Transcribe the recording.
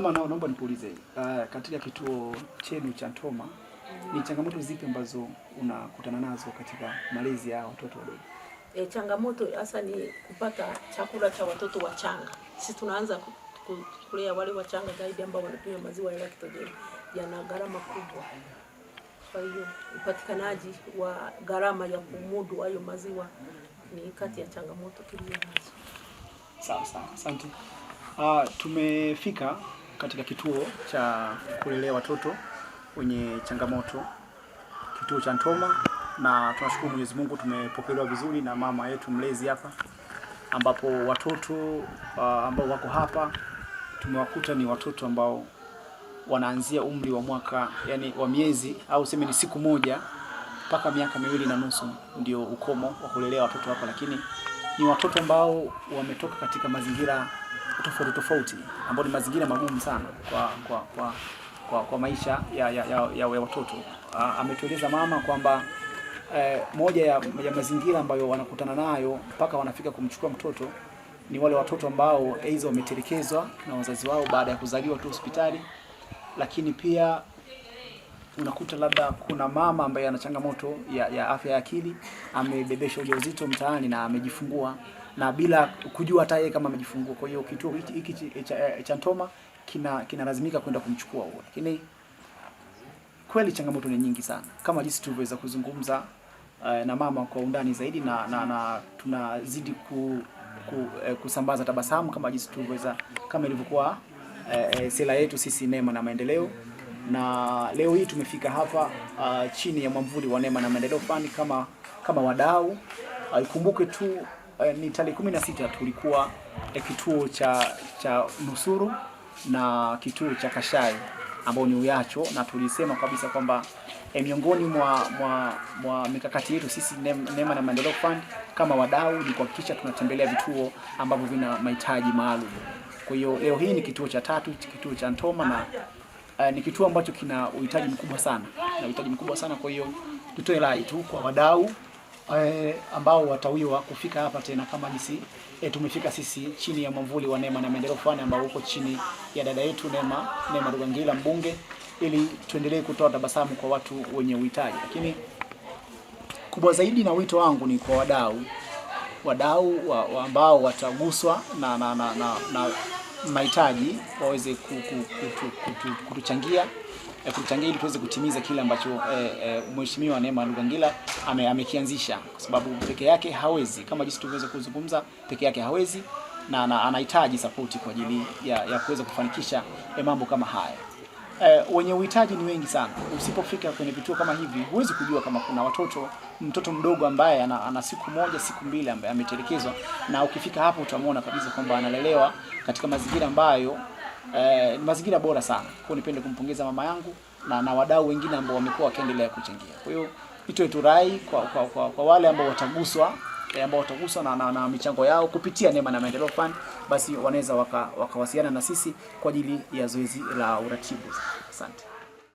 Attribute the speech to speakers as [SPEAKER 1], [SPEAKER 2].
[SPEAKER 1] Mama, nao naomba nikuulize, uh, katika kituo chenu cha Ntoma ni changamoto zipi ambazo unakutana nazo katika malezi ya watoto wadogo?
[SPEAKER 2] E, changamoto hasa ni kupata chakula cha watoto wachanga. Sisi tunaanza kulea wale wachanga zaidi ambao wanatumia maziwa ya lactogeni, yana gharama kubwa. Kwa hiyo upatikanaji wa gharama ya kumudu hayo maziwa ni kati ya changamoto tulio nazo.
[SPEAKER 1] Sawa sawa, asante. Ah, tumefika katika kituo cha kulelea watoto wenye changamoto, kituo cha Ntoma, na tunashukuru Mwenyezi Mungu tumepokelewa vizuri na mama yetu mlezi hapa, ambapo watoto uh, ambao wako hapa tumewakuta ni watoto ambao wanaanzia umri wa mwaka yani wa miezi au sema ni siku moja mpaka miaka miwili na nusu ndio ukomo wa kulelea watoto hapa, lakini ni watoto ambao wametoka katika mazingira tofauti tofauti ambayo ni mazingira magumu sana kwa kwa kwa, kwa, kwa maisha ya, ya, ya, ya watoto. Ah, ametueleza mama kwamba eh, moja ya, ya mazingira ambayo wanakutana nayo mpaka wanafika kumchukua mtoto ni wale watoto ambao aidha wametelekezwa na wazazi wao baada ya kuzaliwa tu hospitali, lakini pia unakuta labda kuna mama ambaye ana changamoto ya, ya afya ya akili amebebesha ujauzito mtaani na amejifungua na bila kujua hata yeye kama amejifungua. Kwa hiyo kituo hiki cha Ntoma kina kinalazimika kwenda kumchukua huo, lakini kweli changamoto ni nyingi sana, kama jinsi tulivyoweza kuzungumza uh, na mama kwa undani zaidi, na, na, na tunazidi ku, ku, eh, kusambaza tabasamu kama jinsi tulivyoweza, kama ilivyokuwa eh, eh sera yetu sisi Neema na Maendeleo, na leo hii tumefika hapa uh, chini ya mwamvuli wa Neema na Maendeleo Fund kama kama wadau. Ah, ikumbuke uh, tu Eh, ni tarehe kumi na sita tulikuwa eh, kituo cha cha Nusuru na kituo cha Kashai ambao ni Uyacho, na tulisema kabisa kwamba eh, miongoni mwa, mwa, mwa mikakati yetu sisi Neema na Maendeleo Fund kama wadau ni kuhakikisha tunatembelea vituo ambavyo vina mahitaji maalum. Kwa hiyo leo hii ni kituo cha tatu, kituo cha Ntoma na Uh, ni kituo ambacho kina uhitaji mkubwa sana na uhitaji mkubwa sana. Kwa hiyo tutoe rai tu kwa wadau e, ambao watawiwa kufika hapa tena kama nisi e, tumefika sisi chini ya mwamvuli wa Neema na Maendeleo Fund ambao uko chini ya dada yetu Neema Neema Rugangila mbunge, ili tuendelee kutoa tabasamu kwa watu wenye uhitaji, lakini kubwa zaidi na wito wangu ni kwa wadau wadau ambao wa, ambao wataguswa na, na, na, na, na mahitaji waweze kutuchangia eh, kutuchangia ili tuweze kutimiza kile ambacho eh, eh, Mheshimiwa Neema Lugangila ame, amekianzisha kwa sababu peke yake hawezi, kama jinsi tuweze kuzungumza, peke yake hawezi na, na anahitaji sapoti kwa ajili ya, ya kuweza kufanikisha eh, mambo kama haya eh, wenye uhitaji ni wengi sana. Usipofika kwenye vituo kama hivi, huwezi kujua kama kuna watoto, mtoto mdogo ambaye ana, ana siku moja siku mbili ambaye ametelekezwa, na ukifika hapo utamwona kabisa kwamba analelewa katika mazingira ambayo eh, mazingira bora sana. Kwa nipende kumpongeza mama yangu na, na wadau wengine ambao wamekuwa wakiendelea kuchangia. Kwa hiyo itoe tu rai kwa, kwa, kwa, kwa wale ambao wataguswa e, ambao wataguswa na, na, na michango yao kupitia Neema na Maendeleo Fund, basi wanaweza wakawasiliana waka na sisi kwa ajili ya zoezi la uratibu. Asante.